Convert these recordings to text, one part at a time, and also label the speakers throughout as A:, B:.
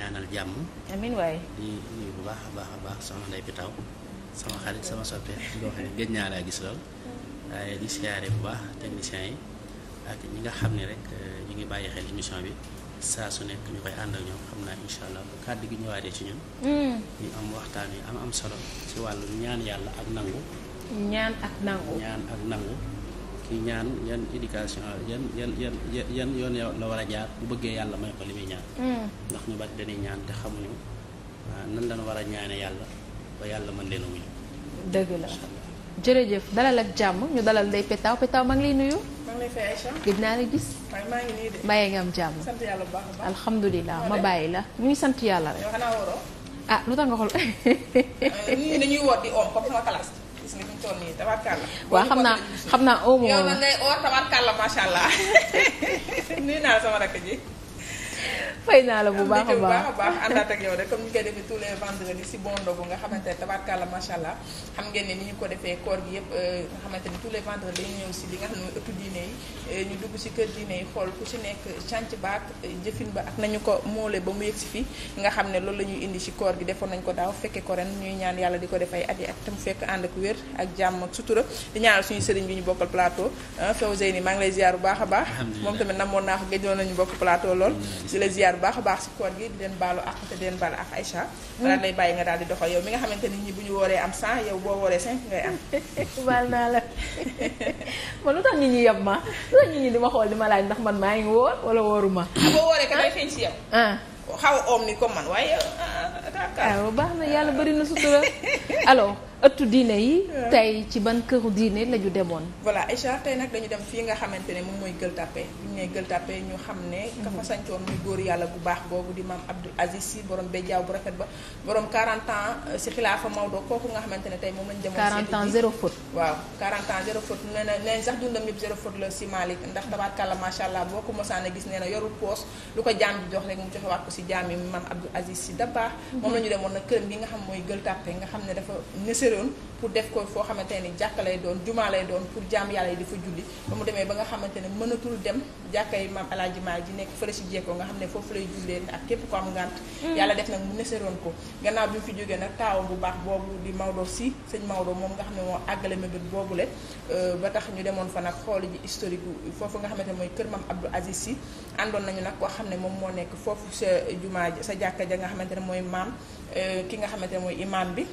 A: ñaanal jàmm amiin waay di nuyu bu baax a baax a baax soxna Ndeye Pitaw sama xarit sama soppe loo xam ne gëj naa laa gis lool waaye di siyaare bu baax techniciens yi ak ñi nga xam ne rek eh, ñu ngi bàyyi xel émission bi saa su nekk ñu koy ànd ak ñoom xam naa incha allah bu kàddu gi ñëwaatee ci ñun
B: hmm. ñu
A: am waxtaan yi am am solo ci wàllu ñaan yàlla ak nangu ak nangu ñaan ak nangu ci ñaan yan éducation yan yan yan yan yoon la war a jaar bu bëggee yàlla may ko li muy ñaan mm. ndax ñu bari dañuy ñaan te xamuñu nan lañ war a ñaane yàlla ba yàlla man leen a wuyu
C: dëgg jàmm ñu dalal day Petaw Petaw maa nuyu.
B: maa
D: naa la gis. waaye maa ngi nii de. nga am sant yàlla bu baax a baax
C: alhamdulilah ma bàyyi la. ñu ngi sant yàlla ah, lu tax nga xool.
D: gis ni fi mu toll nii tabarkàlla. waaw xam naa
C: xam naa au moins yow nag
D: ngay oo oh, tabarkàlla macha allah nuyu naa sama rakk ji.
C: fay naa la bu baax a baax a
D: baax àndaat ak yow rek comme ñu koy defee tous les vendredis si bon ndogu nga xamante ne tabarkàlla macha allah xam ngeen ne ni ñu ko defee koor gi yëpp euh, nga xamante ni tous les vendredis dañu si li euh, ñu dugg si kër diine yi xool ku si nekk chanc baak euh, jëfin ba ak nañu ko moole ba mu yëg si fii nga xam ne loolu la ñuy indi si koor gi defoon nañ ko daaw fekke ko ren ñuy ñaan yàlla di ko def ay at yi ak tam fekk ànd ak wér ak jàmm ak sutura di ñaanal suñu sëriñ bi ñu bokkal plateau ah, Fawzeyni maa ngi lay bu baax a baax moom tamit namoon naa ko géjoon nañu bokk plateau lool di baax baax si koor gi leen baalu ak te di leen baal ak Aïcha wala mm. lay daal di doxal yow mi nga xamante nit ñi bu ñu wooree am 100 yow boo wooree 5 ngay am baal naa la man lu tax nit ñi ma lu
C: ma xool di ma laaj ndax man maa ngi wóor wala wóoru ma
D: ah, boo wooree si ah. a oom ni comme man waaye ah,
C: baax na yàlla bëri na sutura alors ëttu diine yi. tey ci ban këru diine la ñu demoon.
D: voilà Aïcha tey nag dañu dem fii nga xamante ne moom mooy Gueule Tapée bu xam ne. ka fa mhm. góor yàlla bu baax boobu di maam Abdoul Aziz si borom béjjaaw bu rafet ba borom 40 ans euh, si xilaafa Maodo kooku nga xamante ne tey moom lañu demoon. 40 ans zéro faute waaw 40 ans zéro faute nee na nee sax dundam la boo ko mosaan a gis nee na yorul poos jox rek mu joxewaat ko si jaam yi maam Abdoul Aziz si mhm. nga xam mooy Gueule xam ne dafa cëroon pour def ko foo xamante ni jàkka lay doon jumaa lay doon pour jaam yàlla yi di fa julli mu demee ba nga xamante ne mënatul dem jàkkay maam alaaji Maalik ji nekk fële si jeekoo nga xam ne foofu lay jullee ak képp ko am ngànt mm. yàlla def nag mu neseroon ko gannaaw bi fi jógee nag taawam bu baax boobu di Maodo si sëñ Maodo moom nga xam ne moo àggale mébét boobule euh, ba tax ñu demoon fa nag xool ji historique foofu nga xamante mooy kër maam Abdou Aziz si àndoon nañu nag koo xam ne moom moo nekk foofu sa jumaa sa jàkka ja nga xamante ne mooy maam euh, ki nga xamante ne mooy imaam bi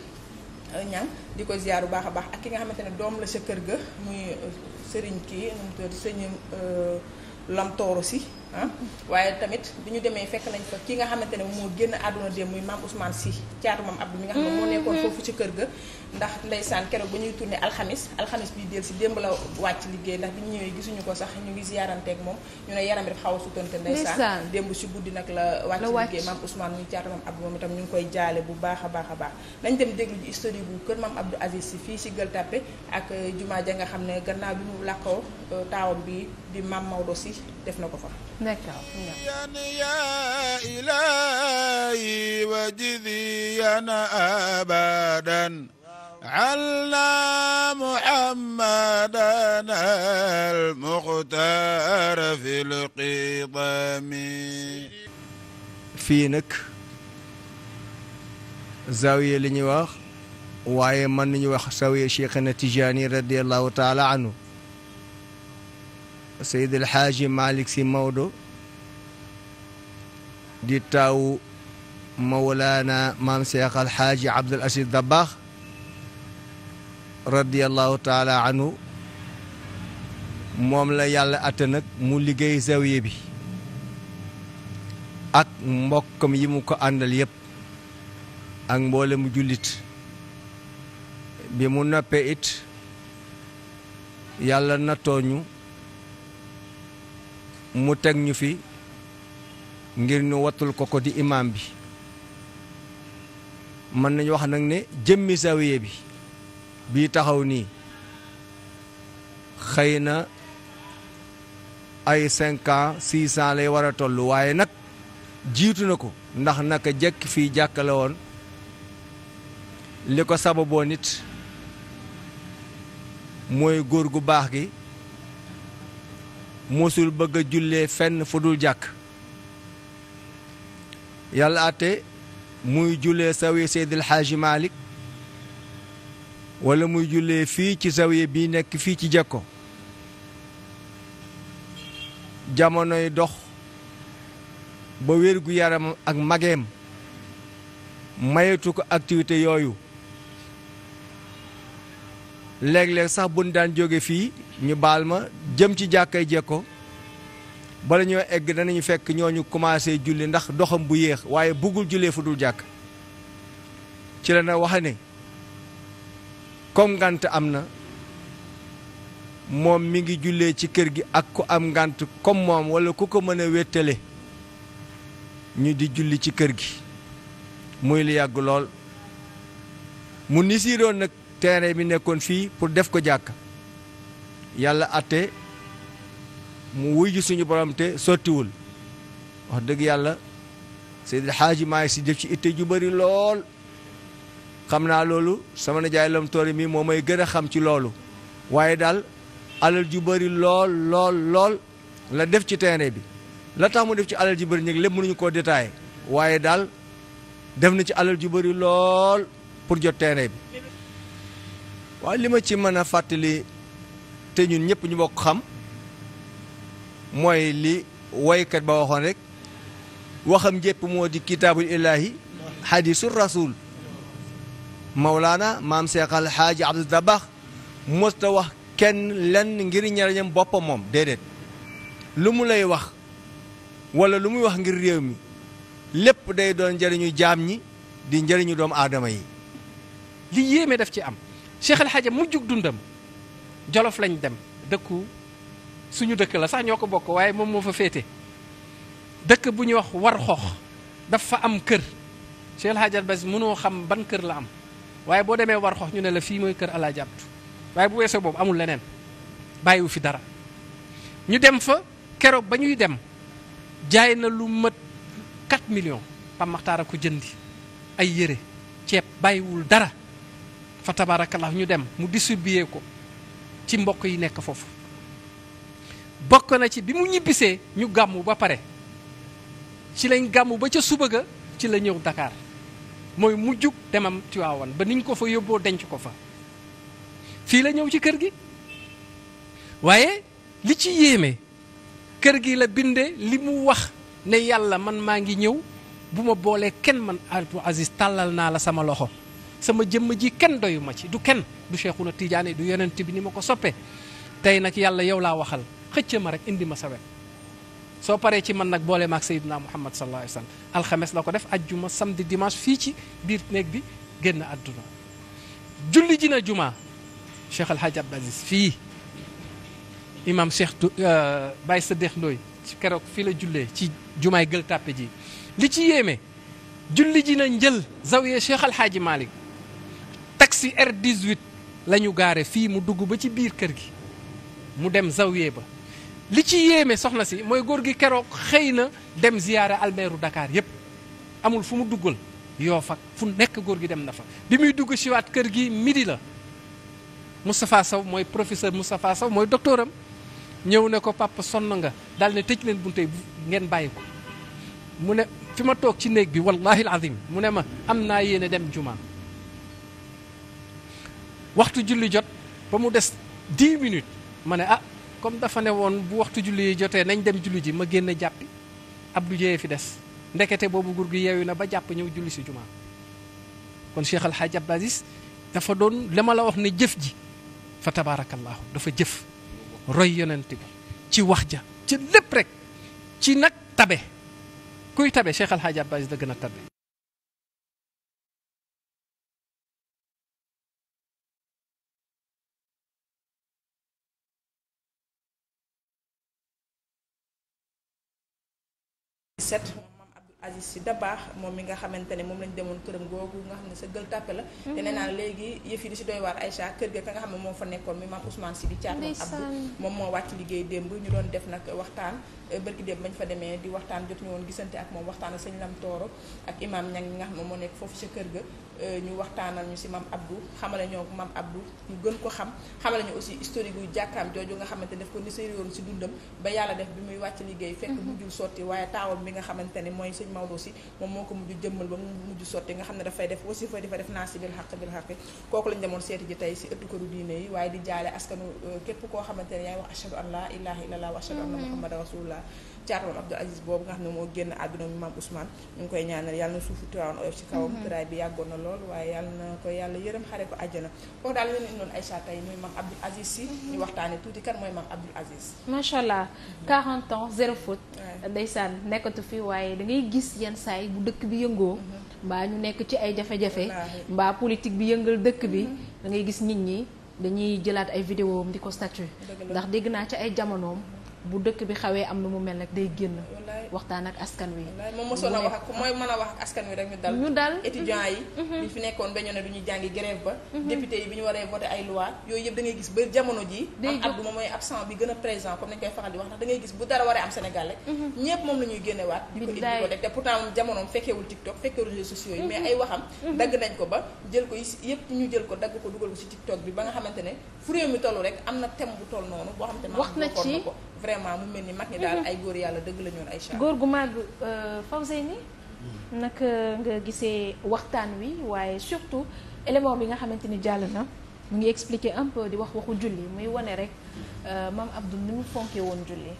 D: ñang euh, di ko ziar bu baax a baax ak ki nga xamante ne doom la sa kër ga muy euh, sëriñ kii nu mu tudd sëñ euh, Lamtooro si ah waaye tamit bi ñu demee fekk nañ fa ki nga xamante ne moo génn àdduna dem muy maam Ousmane Sy caatu maam Abdou mi nga mm-hmm. ci kër ga ndax ndeysaan keroog ba ñuy tourné alxamis alxamis bi del si démb la wàcc liggéey ndax bi ñu ñëwee gisuñu ko sax ñu ngi ziyaaranteeg moom ñu ne yaram bi xaw a sutante ndeysaan démb si guddi nag la wàcc liggéey maam Ousmane muy caatu maam Abdou moom itam ñu ngi koy jaale bu baax a baax a baax nañ dem déglu ji histoire bu kër maam Abdou Aziz si fii si Gueule Tapée ak euh, jumaa ja nga xam ne gannaaw bi mu làkkoo euh, taawam bi di maam Maodo Sy def na ko fa D'accord. yaa
A: ilaahi wajdiyana abadan
E: ala muhammadan al-muxtaar fil qidaami fii nag zaawiya li ñuy wax waaye mën nañu wax zaawiya Cheikhna Tijaani radiyallahu taala anhu Seydil Xaaji Malick si Maodo di taawu Mawlaana maam Cheikh Al Xaaji Abdul Asiis Dabaax radiyallahu taala anhu moom la yàlla atte mu liggéey zawiya bi ak mbokkam yi mu ko àndal yëpp ak mboole mu jullit bi mu noppee it yàlla nattooñu mu teg ñu fi ngir ñu wattul ko ko di imaam bi mën nañu wax nag ne jëmmi sawye bi bii taxaw nii xëy na ay cinq ans lay war a toll waaye nag jiitu na ko ndax naka jëkk fii jàkkale woon li ko sababoo nit mooy góor gu baax gi mosul bëgg a jullee fenn fu dul jàkk yàlla àtte muy jullee sawiye Seydil Xaaji Malik wala muy jullee fii ci sawiye bi nekk fii ci Jekko jamonoy dox ba wérgu yaram ak mageem mayetu ko activité yooyu léeg-léeg sax buñ daan jóge fii ñu baal ma jëm ci jàkkay jekko bala ñoo egg danañu fekk ñoo ñu commencé julli ndax doxam bu yéex waaye buggul jullee fu dul jàkk ci la na waxe ne comme ngànt am na moom mi ngi jullee ci kër gi ak ku am ngànt comme moom walla ku ko mën a wéttale ñu di julli ci kër gi muy lu yàgg lool mu nisiiroon nag terrain bi nekkoon fii pour def ko jàkk yàlla atte mu wuy ji suñu borom te sottiwul wax dëgg yàlla Seydil Xaaji maa ngi si def ci itte ju bari lool xam naa loolu sama nijaay Lam Touré mii moo may gën a xam ci loolu waaye daal alal ju bari lool lool lool la def ci terrain bi la tax mu def ci alal ju bari ñëg lépp mënuñu koo détaillé waaye daal def na ci alal ju bari lool pour jot terrain bi waaye li ma ci mën a fàttali te ñun ñëpp ñu bokk xam mooy li woykat ba waxoon rek waxam jépp moo di kitaabul ilaahi hadiisul rasul Mawlaana maam Seex al Xaaji Abdou Dabakh mosta wax kenn lenn ngir ñarañam boppam moom déedéet lu mu lay wax wala lu muy wax ngir réew mi lépp day doon njariñu jaam ñi di njëriñu doomu aadama yi. li yéeme daf ci am Cheikh
F: xaaja Hadj mu jug dundam Jolof lañ dem dëkku suñu dëkk la sax ñoo ko bokk waaye moom moo fa féete dëkk bu ñuy wax war xoox dafa am kër Cheikh El Hadj Albès mënoo xam ban kër la am waaye boo demee war xoox ñu ne la fii mooy kër Alaaji Abdu waaye bu weesoo boobu amul leneen bàyyiwu fi dara ñu dem fa keroog ba ñuy dem jaay na lu mat 4 millions Pam Maxtaar a ko jëndi ay yére ceeb bàyyiwul dara fa tabarakallah ñu dem mu distribué ko ci mbokk yi nekk foofu bokk na ci bi mu ñibbisee ñu gàmmu ba pare ci lañ gàmmu ba ca suba ga ci la ñëw dakaar mooy mujjug demam Tiwaawan ba niñ ko fa yóbboo denc ko fa fii la ñëw ci kër gi waaye li ci yéeme kër gi la binde li mu wax ne yàlla man maa ngi ñëw bu ma boolee kenn man Abdou Aziz tàllal naa la sama loxo sama jëmm ji kenn doyuma ci du kenn du seexu Cheikhouna Tidiane du yonent bi ni ma ko soppee tey nag yàlla yow laa waxal xëccee ma rek indi ma sawet soo paree ci man nag boole maag Seydina Muhammad sallallahu alayhi wa alxames la ko def ajjuma samedi dimanche fii ci biir néeg bi génn àdduna julli ji na juma Cheikh El Hadj Aziz fii imam Cheikh euh, Baye Sadikh Ndoye ci keroog fii la jullee ci jumaay gël tàppe ji li ci yéeme julli ji na njël zawiya Cheikh El Hadj Malick taxi R18 la ñu gaare fii mu dugg ba ci biir kër gi mu dem zawiya ba li ci yéeme soxna si mooy góor gi keroog xëy na dem ziyaare almeeru dakaar yépp amul fu mu duggal yoo fa fu nekk góor gi dem na fa li muy dugg siwaat kër gi midi la Moustapha saw mooy professeur Moustapha saw mooy docteur am ñëw ne ko papa sonn nga daal ne tëj leen bunte ngeen bàyyi ko mu ne fi ma toog ci néeg bi wallahi alazim mu ne ma am naa yéene dem jumaa waxtu julli jot ba mu des 10 minutes ma ne ah comme dafa ne woon bu waxtu julli yi jotee nañ dem julli ji ma génn jàppi ab lu fi des ndekete boobu gur gi yeewu na ba jàpp ñëw julli si jumaa kon Cheikh Al Hadj dafa doon li ma la wax ne jëf ji fa tabaarakallaahu dafa jëf roy yonent bi ci wax ja ci lépp rek ci nag tabe kuy tabe Cheikh Al Hadj Abdou Aziz da gën a tabe
D: 2017 maam Abdoul Aziz Sy Dabakh moom mi nga xamante ne moom lañu demoon këram googu nga xam ne sa gël tàppe la mhm. te nee naa léegi yëf yi di si doy waar Aïcha kër ga ka nga xam ne moo fa nekkoon mi maam Ousmane Sy di caat moom Abdou moom moo wàcc liggéey démb ñu doon def nag waxtaan eh, bërki démb bañ fa demee di waxtaan jot ñu woon gisante ak moom waxtaan ak sëñ Lam Tooro ak imam ñang nga xam ne moo nekk foofu sa kër ga Euh, ñu waxtaanal ñu si mam Abdou xamale ñoo mam Abdou ñu gën ko xam xamale ñu aussi historique yu jàkkaam jooju nga xamante daf ko nisari woon si ba yàlla def bi muy wàcc liggéey fekk mhm. mujjul sotti waaye taawal bi nga xamante ne mooy sëñ Maodo si moom moo ko mujj jëmmal ba mu mujj sotti nga xam ne dafay def aussi fa difa def naa si bil xaq bil xaq kooku lañ demoon seeti ji tey si ëttu këru diine yi waaye di jaale askanu euh, képp koo xamante ne yaay wax ashhadu an la ilaha illallah wa ashhadu anna mhm. muhammadan rasulullah caatawal Abdou Aziz boobu nga xam ne moo génn àdduna mi maam koy ñaanal yàlla na suufu mm-hmm. na lool waaye yàlla na ko yàlla yërëm xare ko àjjana kooku daal leen indoon Aïcha tey muy maam Abdou Aziz si mm-hmm. ñu waxtaane tuuti kan mooy
C: macha allah 40 ans zéro ndeysaan nekkatu fi waaye da ngay gis yenn saay bu dëkk bi yëngoo mm-hmm. mbaa ñu nekk ci ay jafe-jafe mbaa politique bi yëngal dëkk bi da ngay gis nit ñi dañuy jëlaat ay vidéo am di ko statut ndax dégg naa ci ay jamonoom bu dëkk bi xawee am lu mu mel nag day génn waxtaan ak askan wi. moom mosoon na wax ak mooy
D: mën a wax ak askan wi rek ñu dal. ñu yi. ñu mhm. fi nekkoon ba ñu ne du ñu jàngi grève ba. Mhm. député yi bi ñu waree voté ay loi yooyu yëpp da gis ba jamono ji am a présent comme wax ndax da ngay dara waree am Sénégal rek. Mhm. ñëpp moom la ñuy génnewaat. di ko indi ko def te pourtant moom jamonoom fekkeewul TikTok réseaux sociaux yi. mais ay waxam dagg nañ ko ba jël ko yëpp ñu jël ko dagg ko dugal ko ci TikTok bi ba nga xamante ne fu réew mi na thème bu toll noonu boo xamante ne wax na ci mu mel ni mag ñi daal ay yàlla dëgg la ñoon góor
C: gu màgg euh, ni naka nga gisee waxtaan wi waaye surtout élément bi nga xamante ni jàll na mu ngi expliquer un peu di wax waxu julli muy wane rek euh, maam Abdou ni mu fonkee woon julli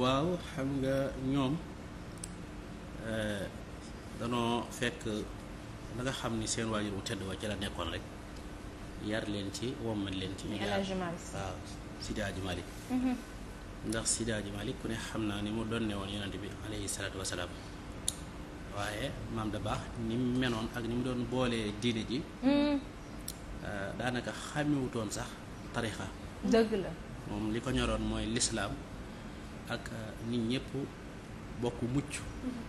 A: waaw xam nga ñoom euh, danoo fekk na nga xam ni seen waajur wu tedd wa ci la nekkoon rek yar leen ci wommal leen ci ñu jaar waaw ndax Sidi Hadji Malick ku ne xam naa ni mu donne woon yonent bi alayhi salaatu wasalaam waaye maam da baax ni menoon ak ni mu doon boolee diine ji hmm. euh, daanaka xàmmiwutoon sax tarixa dëgg la moom li ko ñoroon mooy lislaam ak euh, nit ñëpp bokk mucc hmm.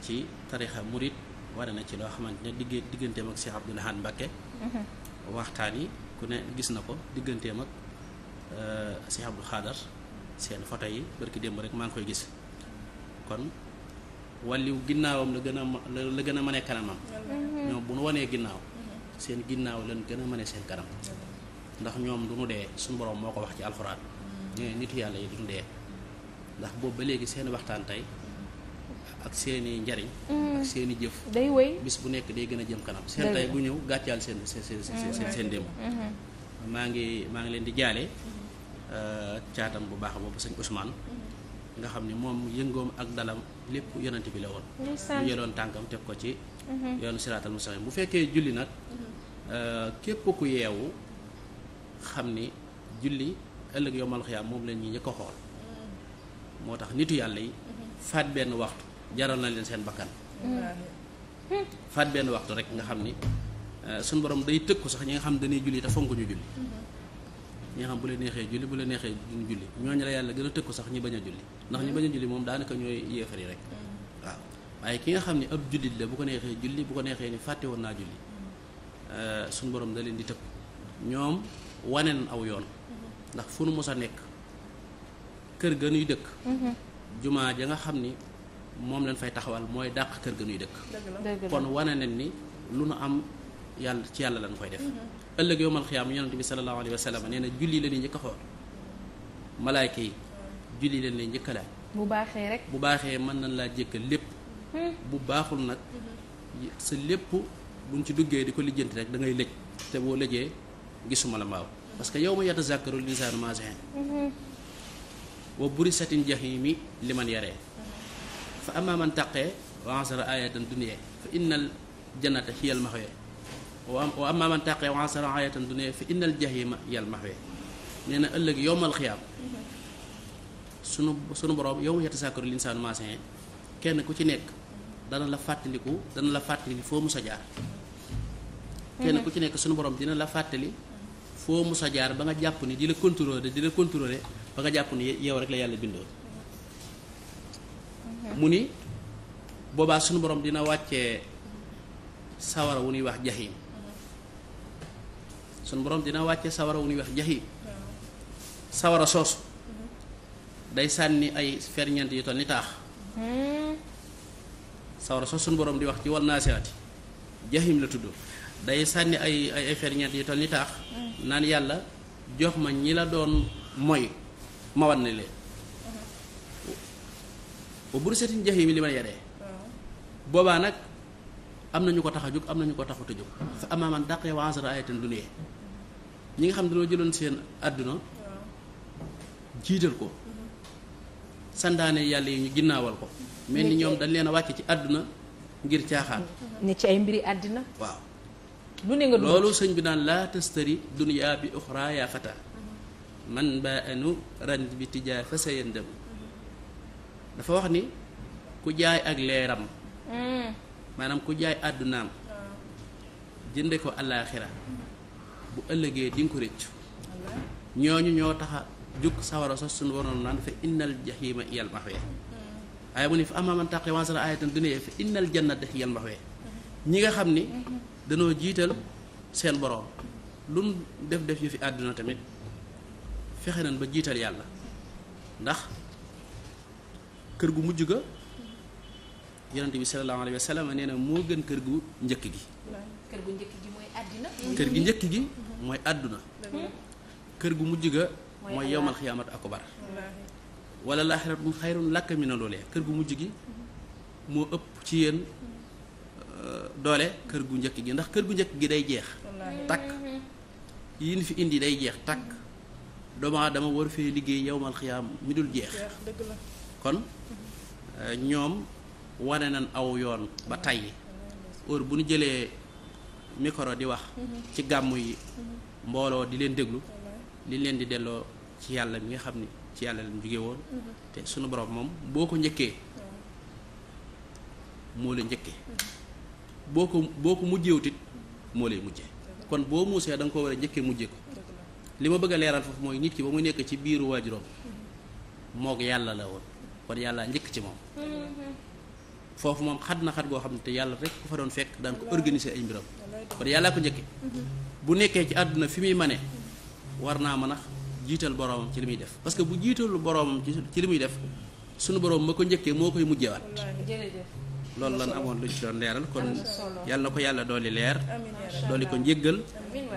A: ci tarixa murit ware na ci loo xamante ne digg digganteem ak Cheikh Abdoul Ahad hmm. waxtaan yi ku gis na ko digganteem ak euh, Cheikh Abdou Khadar seen photo yi barki démb rek maa ngi koy gis kon wàlliw ginnaawam la gën a la gën a mën kanamam mm-hmm. ñoom bu nu wonee ginnaaw
B: mm-hmm.
A: seen ginnaaw lañ gën a mën seen kanam
B: mm-hmm.
A: ndax ñoom du nu dee suñu borom moo ko wax ci alxuraan ñee nit yàlla yi du nu dee ndax boobu ba léegi seen waxtaan tey ak seeni njariñ ak seeni jëf day wéy bis bu nekk day gën a jëm kanam seen tey bu ñëw gàccaal seen seen seen seen démb maa ngi maa ngi leen di jaale Euh, caatam bu baax boobu sëñ Ousmane.
B: Mm-hmm.
A: nga xam ni moom yëngoom ak dalam lépp yonent bi la woon.
B: mu jëloon
A: tànkam teg ko ci.
B: Mm-hmm. yoonu
A: siraatal mustaqim bu fekkee julli nag.
B: Mm-hmm.
A: Euh, képp ku yeewu xam ni julli ëllëg yomal xiyaam moom leen ñi njëkk xool. moo tax nitu yàlla yi. faat benn waxtu jaral na leen seen bakkan. faat benn waxtu rek nga xam ni euh, sunu borom day tëkku sax ñi nga xam dañuy julli te fonk ñu julli. ñi xam bu la neexee julli bu la neexee duñ julli ñooñu la yàlla gën a tëkku sax ñi bañ a julli ndax ñi bañ a julli moom daanaka ñooy yéefar yi rek mm. waaw waaye ki nga xam ne ab jullit la bu ko neexee julli bu ko neexee ni fàtte woon naa julli
B: mm.
A: euh, suñu boroom da leen di tëkku ñoom waneen aw yoon mm-hmm. ndax fu nu mos a nekk kër ga nuy dëkk mm-hmm. jumaa ja nga xam ni moom lañ fay taxawal mooy dàq kër ga nuy dëkk kon wane nen ni lu nu am yàlla ci yàlla lañ koy def mm-hmm. ëllëg yowmal xiyaam yonent bi sallallahu alayhi wa sallam nee na julli la ñuy njëkk a malaayka yi julli leen lay njëkk a
C: bu baaxee rek
A: bu baaxee mën nañ laa jëkkal lépp hmm. bu baaxul nag sa lépp buñ ci duggee di ko lijjanti rek da ngay lëj te boo lëjee gisuma la mbaaw parce que yow ma yatazakkaru l-insaanu maa sa'aa hmm. wa burisatin jahiimi liman yaree fa amma man taqee wa ansara ayatan dunya fa innal jannata hiya al-ma'waa wa amma man taqee wa ansara ayatan fi fa innal jahima yal mahwe nee na ëllëg yowmal xiyaam sunu sunu borom yow yatasakaru linsaanu maasin kenn ku ci nekk dana la fàttaliku dana la fàttali foo mus a jaar. kenn ku ci nekk sunu borom dina la fàttali foo mus a jaar ba nga jàpp ni di la contrôler di la contrôler ba nga jàpp ni yow rek la yàlla bindoo. mu ni boobaa sunu borom dina wàccee sawara wu nuy wax jaxiim suñ boroom dina wàcce sawara wu ñuy wax jaxiim sawara soosu day sànni ay ferñeent yu toll ni taax sawara soosu suñ borom di wax ci naa wal naasiaati jaxiim la tudd day sànni ay ay ferñeent yu toll ni taax naan yàlla jox ma ñi la doon moy ma wan ne leen ba bursatin jaxiim li ma yaree boobaa nag am na ñu ko tax a jóg am na ñu ko taxut a jóg fa amaaman daqee wa ansara ayatan dunya ñi nga xam dañoo jëloon seen àdduna jiital ko mm-hmm. sandaane yàlla yi ñu ginnaawal ko mel ni ñoom dañ leen a wàcc ci àdduna ngir caaxaan
C: mm-hmm. ne ci ay mbiri àddina
A: waaw lu ne nga loolu sëñ bi daan laa tastari dunya bi uxra yaa fata
B: mm-hmm.
A: man ba anu rand bi tijaa fa sa yendam dafa wax ni ku jaay ak leeram mm. maanaam ku jaay àddunaam jënde ko àllaaxira bu ëllëgee di nga ko réccu ñooñu ñoo tax a jug sawara sos suñu waroon naan fa innal jaxiima iyal maxwee waaye mu ne fa amaa man taqi wansara ayatan dunya fa innal jannata iyal maxwee ñi nga xam ni danoo jiital seen boroom lu mu def def yu fi àdduna tamit fexe nañ ba jiital yàlla ndax kër gu mujj ga yonent bi sallallahu alayhi wa sallam nee moo gën kër gu njëkk gi
C: kër gu njëkk gi mooy àdduna
A: kër gu mujj ga mooy yowmal xiyaamatu akbar wala laaxiratu xayrun lakk mi na loolee kër gu mujj gi moo ëpp ci yéen euh, doole kër gu njëkk gi ndax kër gu njëkk gi day jeex takk yi ñu fi indi day jeex takk doomaa dama war fee liggéey yowmal xiyaam mi dul jeex kon euh, ñoom wane na aw yoon ba tey heure bu ñu jëlee micro di wax ci gàmm yi mbooloo di leen déglu li leen di delloo ci yàlla mi nga xam ni ci yàlla lañ jóge woon te sunu boroom moom boo ko njëkkee moo la njëkkee boo ko boo ko mujjewutit moo lay mujjee kon boo muusee da nga ko war a njëkkee mujje ko li ma bëgg a leeral foofu mooy nit ki ba mu nekk ci biiru waajuram moog yàlla la woon kon yàlla njëkk ci moom
B: mm-hmm.
A: foofu moom xat na xat koo xam ne te yàlla rek ku fa doon fekk daan ko organiser ay mbiram
B: kon yàllaa ko njëkke
A: bu nekkee ci àdduna fi muy mane war naa mën a jiital boroomam ci li muy def parce que bu jiitalu boroomam ci li muy def sunu boroom ma ko njëkkee moo koy mujjewaat loolu lan amoon lu ci doon leeral kon yàlla ko yàlla dooli leer dooli ko njëggal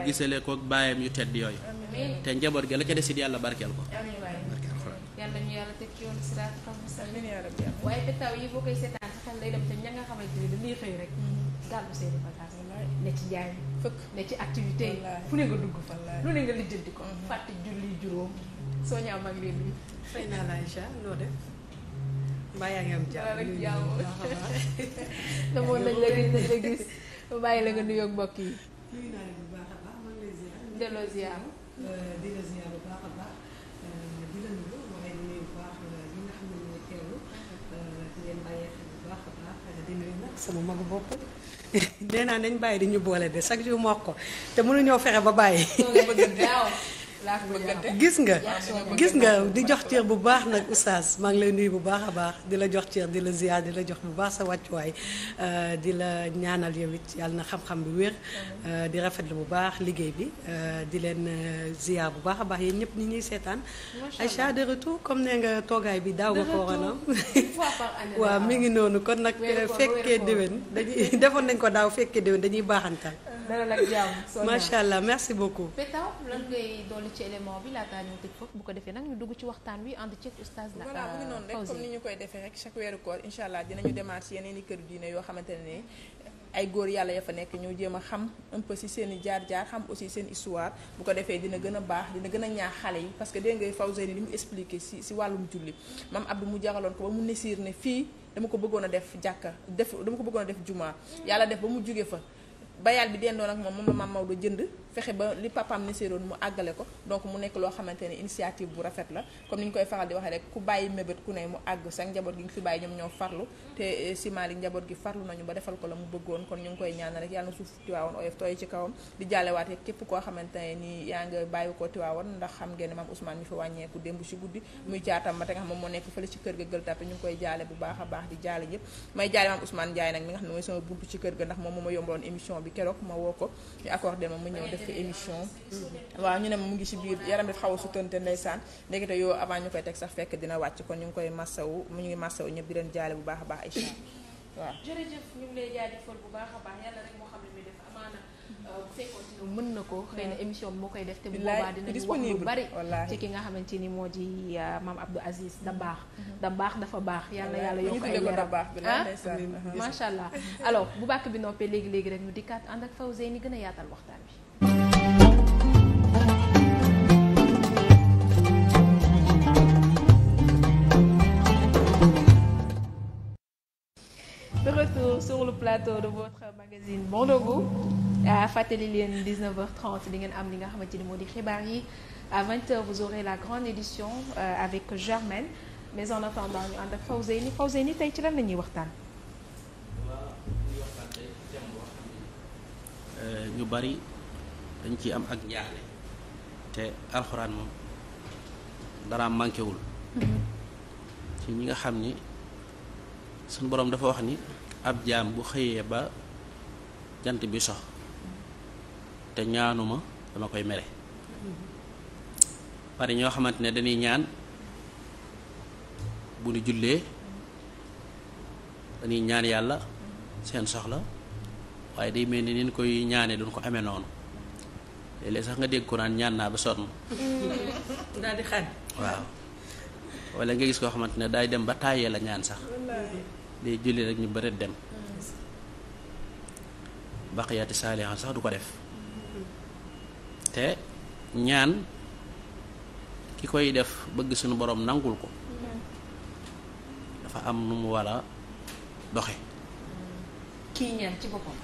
A: gisale ko baayam yu tedd yooyu te njaboot gi la ca desit yàlla barkeel ko
C: ne ci jaay fëkk ne ci activité yi fu ne nga dugg fa lu ne
D: nga lijjanti ko mhm. fàtte julli juróom soo ñaaw mag leen bi fay naa la Aïcha loo def mbaa yaa ngi
C: bàyyi la nga nuyoog mbokk yi
B: nuyu naa leen bu baax a baax man lay
D: sama magu bopp nee naa nañ bàyyi di ñu boole de chaque jour mu ko te ñëw fexe ba bàyyi. gis nga gis nga di jox
F: cër bu baax nag oustaz maa ngi lay nuyu bu baax a baax di la jox cër di la ziar di la jox bu baax sa wàccuwaay
D: euh, di la ñaanal yow it yàlla na xam-xam bi wér euh, di rafet rafetlu bu baax liggéey bi euh, di leen ziar bu baax a baax yéen ñëpp ñi ñuy seetaan Aïcha de retour comme ne nga toogaay bi daaw nga ko waroon am
C: waaw mi ngi
D: noonu kon nag fekkee déwén dañuy defoon nañ ko daaw fekkee déwén dañuy baaxantal
C: dalal ak jàmm. macha allah
D: merci beaucoup.
C: Petaw lan ngay dolli ci élément bi laataa ñu tëj foofu bu ko defee nag ñu dugg ci waxtaan wi ànd ceeg oustaz la. mu ngi noonu rek comme ni
D: ñu koy defee rek chaque weeru koor incha allah dinañu demaat si yeneen kër diine yoo xamante ne. ay góor yàlla ya fa nekk ñoo jéem a xam un peu si seen i jaar-jaar xam aussi seen histoire bu ko defee dina gën a baax dina gën a ñaax xale yi parce que dégg ngay Fawzeyni li mu expliqué si si wàllum julli maam Abdou mu jaxaloon ko ba mu nesiir ne fii dama ko bëggoon a def jàkka def dama ko bëggoon a def jumaa mm. yàlla def ba mu jóge fa bayaal bi dendoon ak moom moom la maam Maodo jënd fexe ba li papaam ni séeroon mu àggale ko donc mu nekk loo xamante ne initiative bu rafet la comme ni ñu koy faral di waxee rek ku bàyyi mébét ku ne mu àgg sax njaboot gi nga fi bàyyi ñoom ñoo farlu te eh, simaali njaboot gi farlu nañu ba defal ko la mu bëggoon kon ñu ngi koy ñaanal rek yàlla na ci kawam di jaalewaate képp koo xamante ne nii yaa nga bàyyi ko tiwaawoon ndax xam ngeen maam Ousmane mi fa wàññeeku démb ci guddi muy caatam ba te nga xam moom kër ga gël tapé ñu ngi koy jaale bu baax a baax di jaale ñëpp may jaale maam Ousmane Ndiaye nag mi nga xam ne mooy sama buntu ci kër ga ndax moom moo ma yombaloon émission bi bi keroog ma woo ko ñu accordé ma mu ñëw def fi émission waaw ñu ne ma mu ngi ci biir yaram bi xaw a sutante ndeysaan ndekete yoo avant ñu koy teg sax fekk dina wàcc kon ñu ngi koy massawu mu ngi massawu ñëpp di leen jaale bu baax a baax ay waaw
C: jërëjëf a Euh, mën na ko xëy na émission bi moo koy def te bu boobaa dinañu wax lu bari ci ki nga xamante ni moo di euh, maam Abdou Aziz da baax mm-hmm. da baax dafa baax yàlla yàlla yokk ay leeram ah? macha allah alors bu bàkk bi noppee léegi léegi rek ñu dikkaat ànd ak Fawzeyni gën a yaatal waxtaan bi De retour sur Euh, fàttali leen 19h30 di ngeen am li nga xamante ni moo di xibaar yi à 20h vous aurez la grande édition euh, avec Germaine mais en attendant ñu ànd ak Fawzeyni Fawzeyni tey ci lan la ñuy waxtaan.
A: Euh, ñu bari dañ ci am ak njaaxle te alxuraan moom dara manqué wul. Mm-hmm. ci ñi nga xam ni sunu boroom dafa wax ni ab jaam bu xëyee ba jant bi sox. te ñaanuma dama koy mere pare ñoo xamante ne dañuy ñaan bu ñu jullee dañuy ñaan yàlla seen soxla waaye day mel ni nin koy ñaane duñ ko amee noonu léeg sax nga dégg ko naan ñaan naa ba sonn
B: daal di xaaj
A: waaw wala nga gis koo xamante ne daay dem ba tàyyee la ñaan sax day julli rek ñu bëri dem baqiyati saalihan sax du ko def te ñaan ki koy def bëgg suñu borom nangul ko dafa am nu mu war a doxe kii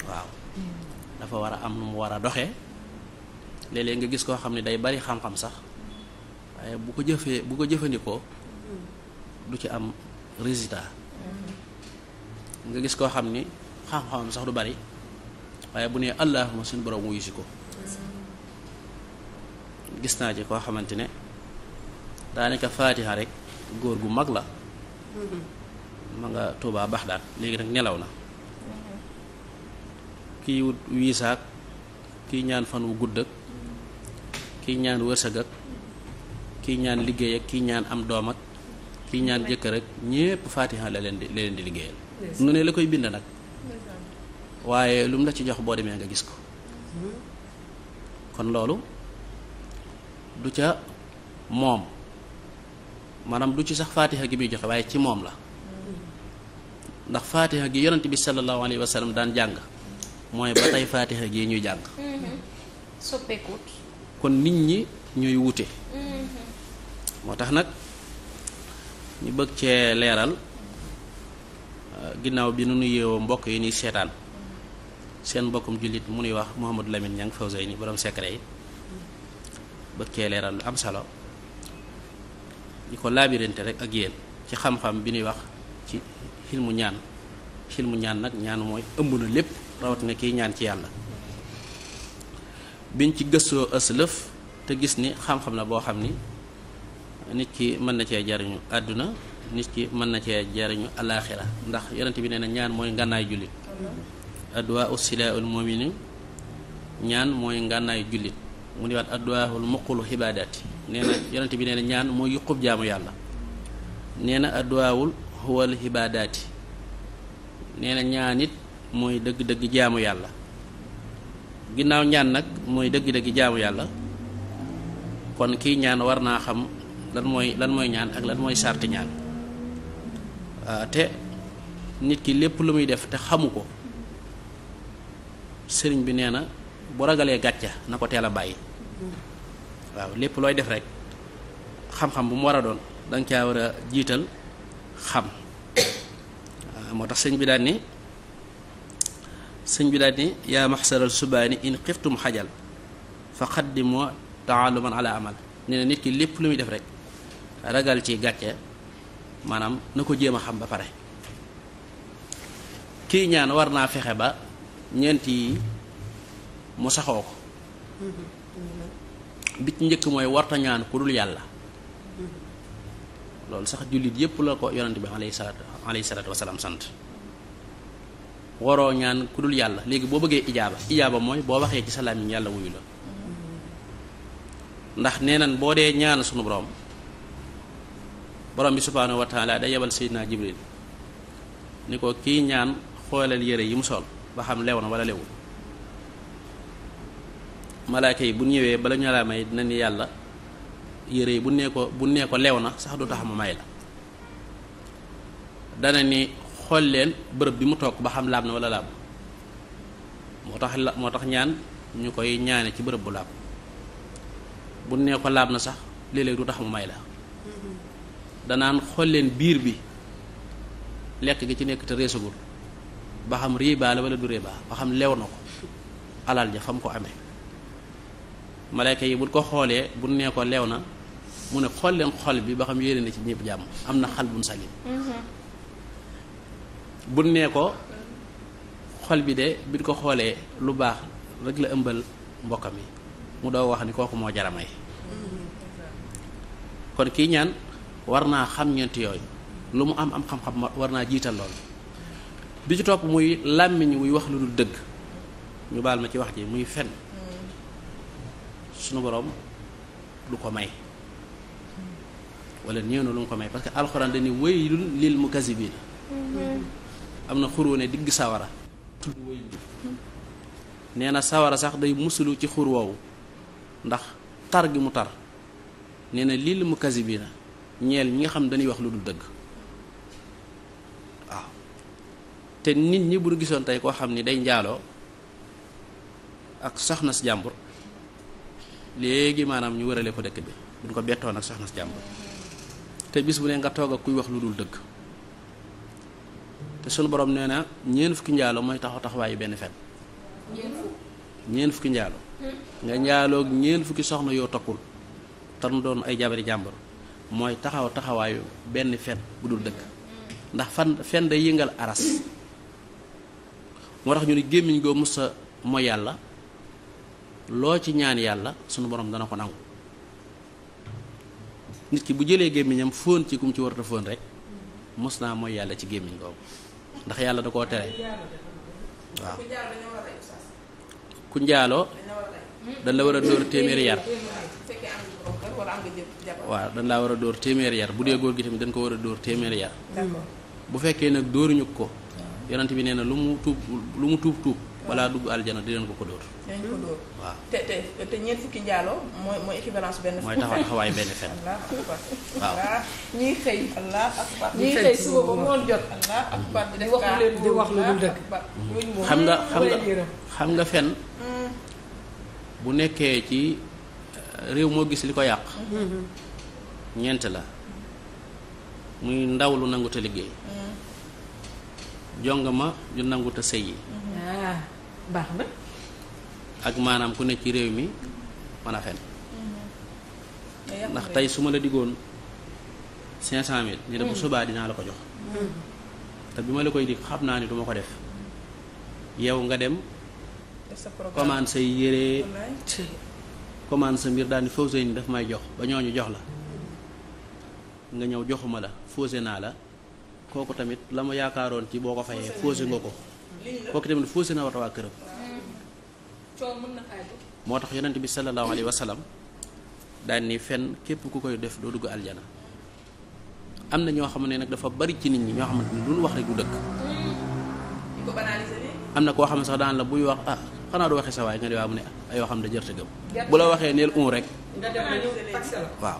A: waaw hmm. dafa war a am nu mu war a doxe léeg nga gis koo xam ne day bari xam-xam sax waaye bu ko jëfee bu ko jëfandikoo
B: hmm.
A: du ci am résultat
B: hmm.
A: nga gis koo xam ni xam-xamam sax du bari waaye bu ne allahuma suñu borom wuyu si ko gis naa ci koo xamante ne daanaka faatiha rek góor gu mag la
B: mm-hmm.
A: ma nga Tuubaa bax daan léegi nag nelaw na
B: mm-hmm.
A: kii wut wiisaak kii ñaan fan wu gudd ak mm-hmm. kii ñaan wërsëg ak kii ñaan liggéey ak kii ñaan am doom ak kii ñaan jëkkër ak ñépp faatiha la leen di di liggéeyal nu ne la koy bind nag waaye lu mu la ci jox boo demee nga gis ko kon loolu du ca moom maanaam du ci sax faatiha gi muy joxe waaye ci moom la ndax faatiha gi yonent bi sallallahu alayhi wa sallam daan jàng mooy ba tey gi ñuy jàng
C: mm-hmm. soppeekut
A: kon nit ñi ñuy wute
B: mm-hmm.
A: moo tax nag ñu bëgg cee leeral euh, ginnaaw bi nu nuyoo mbokk yi ñuy seetaan seen mbokkum jullit mu nuy wax Mouhamadou Lamine Niang Fawzayni borom secret yi bëgg cee leeral lu am solo li ko laabirante rek ak yéen ci xam-xam bi nuy wax ci xilmu ñaan xilmu ñaan nag ñaan mooy ëmb na lépp rawatina kiy ñaan ci yàlla biñ ci gëstoo aslëf te gis ni xam-xam la boo xam ni nit ki mën na cee jariñu àdduna nit ki mën na cee jariñu alaaxira ndax yonent bi nee ñaan mooy ngànnaay jullit adwa usilaa ul ñaan mooy ngànnaay jullit mu niwaat adduwaahul muqulu xibaadaati nee na yonent bi nee na ñaan mooy yuqub jaamu yàlla nee na adduwaawul huwal xibaadaati nee na ñaan it mooy dëgg-dëgg jaamu yàlla ginnaaw ñaan nag mooy dëgg-dëgg yàlla kon kiy ñaan war naa xam lan mooy lan mooy ñaan ak lan mooy sarti ñaan ah, te nit ki lépp lu muy def te xamu ko sëriñ bi nee na bu ragalee gàcca na ko teel a bàyyi waaw lépp looy def rek xam-xam bu mu war a doon da nga caa war a jiital xam waaw moo tax sëñ bi daan ni sëñ bi daan ni yaa maxsaral subaani in xiftum xajal fa xaddimoo taaluman ala amal nee na nit ki lépp lu muy def rek ragal ci gàcce maanaam na ko jéem a xam ba pare kii ñaan war naa fexe ba ñeent yi mu saxoo ko mm-hmm. bi ci njëkk mooy warta ñaan ku dul yàlla loolu sax jullit yépp la ko yonent bi alayhi salaatu wasalaam sant waroo ñaan ku dul yàlla léegi boo bëggee ijaaba ijaaba mooy boo waxee ci salaat yi yàlla wuyu la ndax nee boo dee ñaan sunu borom borom bi subhaanahu wa taala day yebal seydina jibril ni ko kii ñaan xoolal yére yi mu sol ba xam lew na wala lewul malaaka yi bu ñëwee bala ñu laa may dina ni yàlla yére yi bu nee bu nekko ko leew na sax du tax mu may la dana ni xool leen bërëb bi mu toog ba xam laab na wala laab moo tax la moo tax ñaan ñu koy ñaane ci bërëb bu laab bu nee ko na sax léeg-léeg du tax mu may la danaan xool leen biir bi lekk gi ci nekk te reesagul ba xam riibaa la wala du riibaa ba xam leew na ko alal ja fa mu ko amee malayka yi bu buñ ko xoolee buñ nee ko leew na mu ne xool leen xol bi ba xam yéene na ci ñëpp jàmm am na xal buñ salim mm-hmm. buñ nee ko xol bi de biñ ko xoolee lu baax rek la ëmbal mbokkam yi mu doo wax ni kooku moo jaramay
B: mm-hmm.
A: kon kii ñaan war naa xam ñeenti yooyu lu mu am am xam-xam war naa jiital lool bi ci topp muy làmmiñ wuy wax lu dul dëgg ñu baal ma ci wax ji muy fen sunu boroom lu ko may walla néew na lu mu ko may parce que alxuraan dañuy waylun lil mukazzibiin am na xurwa ne digg sawara tudd nee na sawara sax day musulu ci xur woowu ndax tar gi mu tar nee na bii na ñeel ñi nga xam dañuy wax lu dul dëgg waaw te nit ñi bu ñu gisoon tey koo xam ni day njaaloo ak soxna si jàmbur léegi maanaam ñu wërale ko dëkk bi buñ ko bettoon ak soxna si jàmbur te bis bu ne nga toog ak kuy wax lu dul dëkk te sunu borom nee na ñeen fukki njaalo mooy taxaw taxawaayu benn fen ñeen fukki njaalo hmm. nga njaaloog ñeen fukki soxna yoo tokkul tan doon ay jabari jàmbur mooy taxaw taxawaayu benn fen bu dul dëkk hmm. ndax fan fen day yëngal aras moo tax ñu ni gémmiñ goo sa mooy yàlla loo ci ñaan yàlla sunu borom dana ko nangu nit ki bu jëlee gémmiñam fóon ci kum ci warta fóon rek mos naa mooy yàlla ci gémmiñ googu ndax yàlla da koo tere waaw ku njaaloo dañ la war a dóor téeméeri yar waaw dañ laa war a dóor téeméeri yar bu dee góor gi tamit dañ ko war a dóor téeméeri yar bu fekkee nag dóoruñu ko yonent bi nee na lu mu tuub lu mu tuub tuub balaa dugg aljana di leen ko ko dóor dinañ ko dóor waaw
D: te te te ñeent fukki njaaloo mooy mooy équivalence benn. mooy taxaw taxawaay benn fen. allah akbar xëy. allah xëy suba ba moon jot. wax lu dul
B: xam nga xam nga xam nga fen. Mm.
A: bu nekkee ci euh, réew moo gis li ko yàq. Mm-hmm. ñeent la muy ndaw lu nangut a liggéey. Mm. jong ma ju nangut a sëy yi.
C: Mm-hmm. Ah, baax na.
A: ak maanaam ku nekk ci réew mi mën a fen
B: mm-hmm. ndax tey su
A: ma la diggoon cinq cent mille ni la mm-hmm. dinaa la ko jox mm-hmm. te bi ma la koy dig xam naa ni du ko def yow nga dem commande say yére commande mbir daal ni fausé ni daf may jox ba ñoo ñu jox la nga ñëw joxuma la fausé naa la kooku tamit la ma yaakaaroon ci boo ko fayee fausé nga ko kooku tamit fausé na wata waa këram coow moo tax yonent bi sallallahu alayhi wa sallam daan ni fenn képp ku koy def doo dugg aljana am na ñoo xam ne nag dafa bari ci nit ñi ñoo xamante ni lu wax rek du dëkk. am na koo xam ne sax daan la buy wax ah xanaa du waxee sa waay nga ne waa mu ne ah, ay waxam da jërte gëm bu la waxee neel un rek. waaw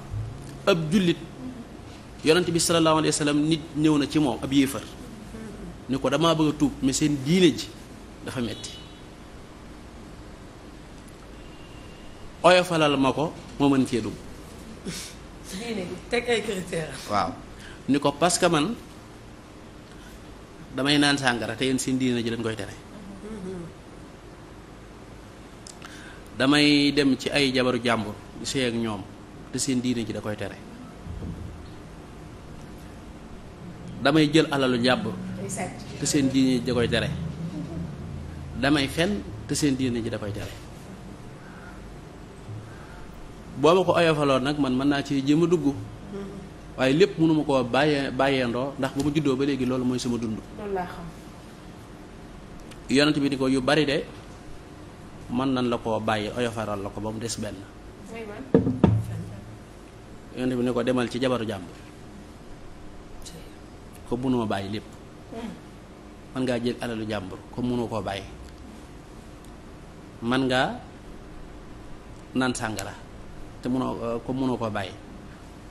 A: ab jullit yonant bi sallallahu alayhi wa nit ñëw na ci moom ab yéefar mm-hmm. ni ko dama bëgg a tuub mais seen diine ji dafa metti oyofalal ma ko moo mën cee dugg. waaw ni ko parce que man damay naan sàngara te yéen seen diine ji leen koy tere. damay dem ci ay jabaru jàmbur di ak ñoom te seen diine da koy tere. damay jël alalu jàmbur te seen diine ji da koy tere. damay fen te seen diine ji da koy tere. boo ma ko oyofaloon nag man mën naa ci jéem a dugg waaye lépp mënuma koo bàyyee bàyyeendoo ndax ba mu juddoo ba léegi loolu mooy sama dund yonent bi ni ko yu bari de mën nañ la koo bàyyi oyofaral la ko ba mu des benn yonent bi ni ko demal ci jabaru jàmbur ko mënuma bàyyi lépp hmm. mën ngaa jël alalu jàmbur ko mënoo koo bàyyi mën ngaa naan sàngara te mënoo comme euh, mënoo koo bàyyi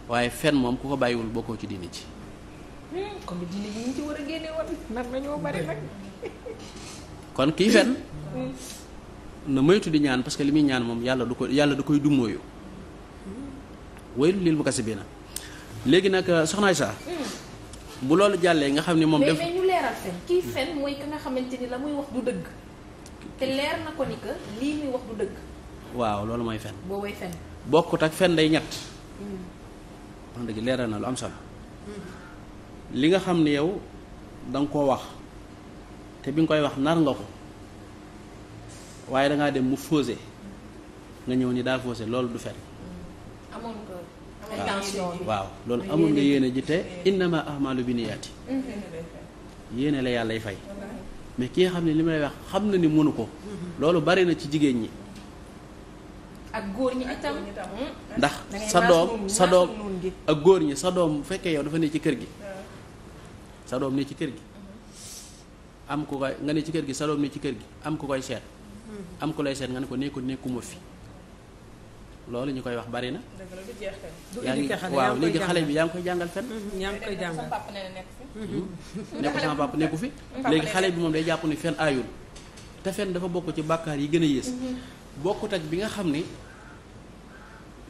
A: waaye fen moom ku ko bàyyiwul bokkoo ci diine ci
C: hmm, comme diine ji ñu ci war a génne woon nar nañoo bari nag
A: kon kii fen hmm. na moytu di ñaan parce que li muy ñaan moom yàlla du ko yàlla du koy dummóoyu waylu lil mukasibiina nag euh, soxnaay saa
C: hmm.
A: bu loolu nga xam ne moom def mais
C: ñu leeral mooy ka nga xamante ni la muy wax du dëgg te leer na ko ni que lii muy wax du dëgg
A: waaw loolu mooy fen bokkut ak fen day ñett mm. wax dëgg leeral na lu am solo li nga xam ne yow danga ko wax te bi nga koy wax nar nga ko waaye dangaa dem mu fausé nga ñëw nii daa fausé loolu du fen
C: waaw loolu amoon nga yéene
A: ji te mm. innama ahmalu bi ni niyaati mm. yéene la yàlla lay fay mais ki nga xam ne li may wax xam na ni mënu ko mm-hmm. loolu bari na ci jigéen ñi
C: ak góor ñi ndax sa doom sa doom
A: ak góor ñi sa doom bu fekkee yow dafa ne ci kër gi
B: uh-huh.
A: sa doom ne ci kër gi am ko koy nga ne ci kër gi sa doom ne ci kër gi am ku koy seet uh-huh. am ku lay seet nga ne ko nekku nekkuma fi loolu koy wax bari na.
D: yaa ngi léegi xale
A: bi yaa jàngal fen mm-hmm, yaa mm-hmm.
D: hmm? nekku
A: fi xale bi moom day jàpp ni fen aayul te fen dafa bokk ci bàkkaar yi gën a yées mm-hmm. bokkut ak bi nga xam ne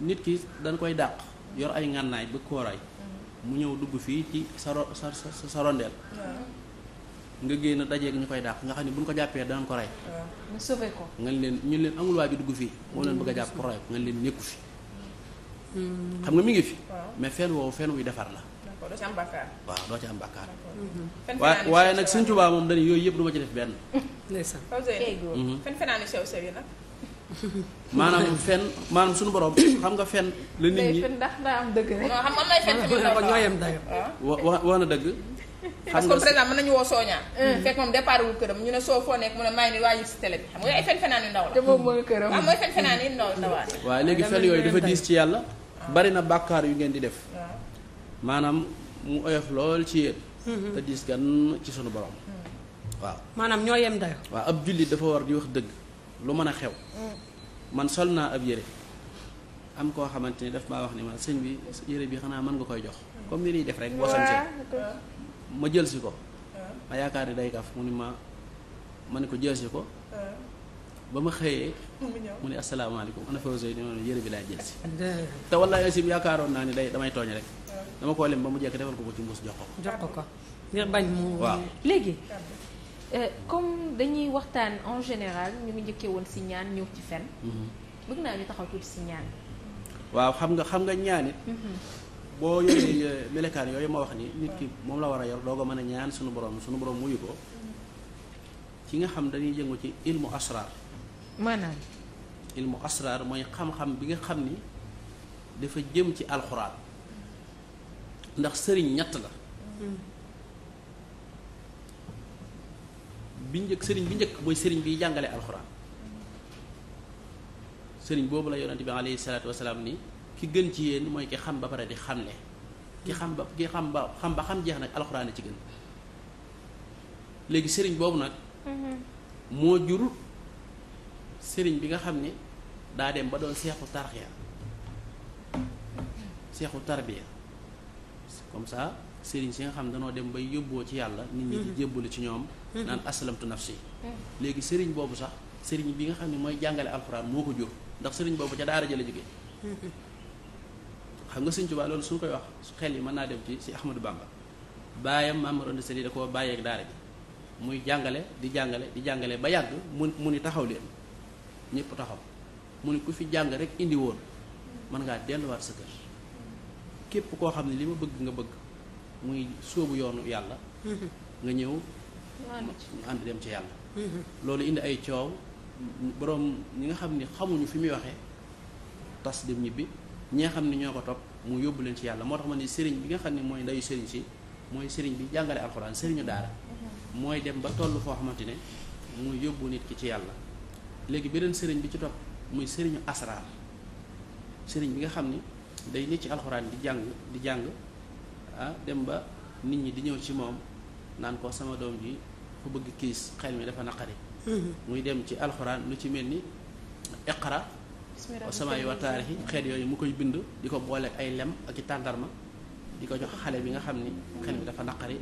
A: nit ki dañ koy dàq yor ay ngànnaay bëgg koo rey mm-hmm. mu ñëw dugg fii ci sa sa sa sa rondeel nga génn dajeeg ñu koy dàq nga xam ne bu ñu ko jàppee danañ ko rey. nga sauvé ko. nga leen ñu leen amul waa ji dugg fii. moo leen bëgg a jàpp mm-hmm. pour rey ko nga leen nekku fi.
D: Mm-hmm.
C: xam nga mi ngi fi.
A: mais fen woowu fen wuy defar la. waaw doo ci am bàkkaar.
D: waaye waaye nag Sëñ
A: Tuubaa moom dañuy yooyu yëpp du ma ci def benn. maanaam fen maanaam suñu borom xam nga fen la nit ñi
D: ndax daa am dëgg rek. xam am na fen ko ñoo
A: yem dëgg. wa wax na dëgg. parce que par exemple
D: nañu woo Soña. Mm. fekk moom départ wul këram ñu ne soo foo nekk mu ne maa ngi waa ci télé bi xam nga ay fen fenaan yu ndaw la. te moom mooy këram ah,
A: waaw léegi fen yooyu dafa diis ci yàlla. Ah. bari na bàkkaar yu ngeen di def. Ah. maanaam mu oyof lool ci yéen. Mm-hmm. te diis gan ci sunu borom.
C: Mm. waaw maanaam ñoo yem dayo
A: ab jullit dafa war di wax dëgg lu mën a xew mm. man sol naa ab yére am koo xamante ni daf maa wax ni ma sëñ bi yére bi xanaa man nga koy jox comme ni ñuy def rek boo sañsee ma jël si ko ma yaakaar ni day kaf mu ni ma ma ni ko jël ko ba ma xëyee mu ni asalaamaaleykum ana fawsey ni ma yére bi laay jël si te wallaay aussi yaakaaroon naa ni day damay tooñ rek dama koo lim ba mu jekk defal ko ko ci mbuus jox ko ko
F: jox ko ngir bañ mu waaw léegi
C: Euh, comme dañuy waxtaan en général ñu ngi njëkkee woon si ñaan ñëw ci fen mhm. bëgg naa ñu taxaw tuuti si ñaan
A: waaw xam nga xam nga ñaanit mhm. boo yoree euh, melekaan yooyu ma wax ni nit ki moom la war a yor doo ko mën a ñaan suñu borom suñu borom wuyu ko ci nga xam dañuy yëngu ci ilmu asrar maanaam ilmu asrar mooy xam-xam bi nga xam ni dafa jëm ci alxuraan ndax sëriñ ñett la mhm. bi njëkk sëriñ bi njëkk mooy sëriñ bi jàngale alxuraan sëriñ boobu la yonent bi alayhi wasalaam ni ki gën ci yéen mooy ki xam ba pare di xamle ki xam ba ki xam ba xam xam jeex nag alxuraan ci gën léegi sëriñ boobu nag mm-hmm. moo jur sëriñ bi nga xam ni daa dem ba doon seexu tarxiya seexu tarbiya comme ça sëriñ si nga xam danoo dem bay yóbboo ci yàlla nit ñi di mm-hmm. jébbalu ci ñoom Mm-hmm. naan aslamtu nafsi
B: mm-hmm.
A: léegi sëriñ boobu sax sëriñ bi nga xam ne mooy jàngale alxuraan moo ko jur ndax sëriñ boobu ca daara ja la jógee mm-hmm. xam nga sëñ Tuubaa su suñ koy wax su xel yi mën naa dem ci si Ahmadou Bamba baayam Maam Mor Anta da koo bàyyeeg daara ji muy jàngale di jàngale di jàngale ba yàgg mu mu ni taxaw leen ñëpp taxaw mu ni ku fi jàng rek indi woon mën ngaa delluwaat sa kër képp koo xam ne li ma bëgg nga bëgg muy sóobu yoonu yàlla nga mu ànd dem ci yàlla mm-hmm. loolu indi ay coow boroom ñi nga xam ni xamuñu fi muy waxee tas dem ñibbi ñi xam ni ñoo ko topp mu yóbbu leen ci yàlla moo tax ma ne sëriñ bi nga xam ne mooy ndayu sëriñ si mooy sëriñ bi jàngale alxuraan sëriñu daara
B: mm-hmm.
A: mooy dem ba toll foo xamante ne mu yóbbu nit ki ci yàlla léegi beneen sëriñ bi ci topp muy sëriñu asraar sëriñ bi nga xam ni day nit ci alxuraan di jàng di jàng ah dem ba nit ñi di ñëw ci moom naan ko sama doom ji ku bëgg kiis xel mi dafa naqari mm-hmm. muy dem ci alxuraan lu ci mel ni iqra wa samaa'i wa taarixi xeet yooyu mu koy bind di ko booleeg ay lem ak i tàndarma di ko jox xale bi nga xam ni xel mi dafa naqari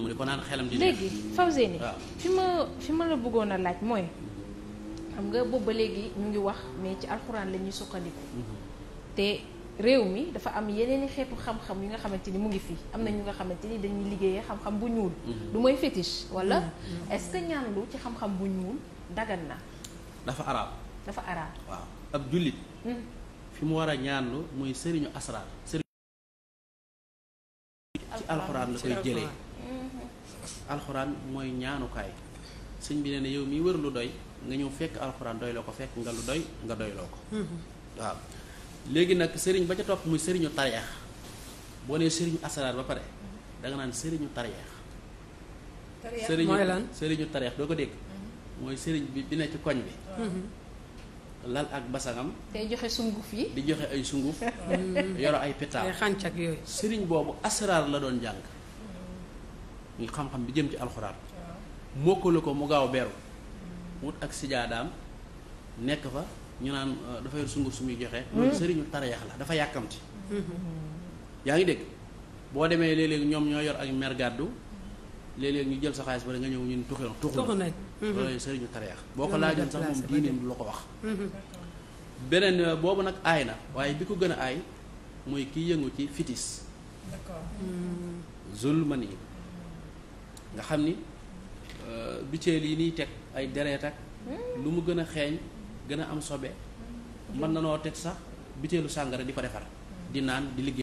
A: mu di ko naan xelam di léegi Fawzeyni
B: fi ma
C: fi ma la bëggoon a laaj mooy xam nga boobu ba léegi ñu ngi wax mais ci alxuraan la ñuy sukkandiku mm-hmm. te réew mi dafa am yeneen i xeetu xam-xam yi nga xamante ni mu ngi fii am na ñu nga xamante ni dañuy liggéeyee xam-xam bu ñuul mhm. du mooy fétiche wala mhm. Mhm. est-ce que ñaan lu ci xam-xam bu ñuul dagan na dafa araab dafa araab
A: waaw ab jullit fi mu war a ñaanlu muy sëriñu asraar sëriñu
B: ci alxuraan la koy jëlee
A: alxuraan mooy ñaanukaay sëñ bi nee yow mi wër lu doy nga ñëw fekk alxuraan doy loo ko fekk nga lu doy nga doyloo ko waaw léegi nag sëriñ ba ca topp muy sëriñu tariix boo nee sëriñu asaraar ba pare danga naan sëriñu tariix. tariix mooy lan sëriñu tariix doo ko dégg. mooy sëriñ bi dina ci koñ bi. Mhm. lal ak basangam.
C: day joxe sunguf yi.
A: di joxe ay sunguf. Mhm. yoro ay pétaaw ay xànc sëriñ boobu asraar la doon jàng. muy xam-xam bi jëm ci alxuraan. mokkale ko mu gaaw beeru. wut ak sijaadaam nekk fa. ñu naan euh, dafa yor sungur su muy joxe. Hmm. loolu sëriñu tarayax la dafa yàkkamti. Hmm. yaa ngi dégg boo demee léeg-léeg ñoom ñoo yor ak mer gàddu ñu jël sa xaalis ba nga ñëw ñun tuxu la tuxu na hmm. loolu sëriñu tarayax boo ko laajoon sax moom diineem du la ko wax. beneen euh, boobu nag aay na waaye bi ko gën a aay mooy kiy yëngu ci fitis. d'accord zulmani nga xam ni euh, biteel yi niy teg ay dereet ak lu mu gën a xeeñ. gën a am sobe mën na noo teg sax biteelu sàngara di ko defar di naan di liggéey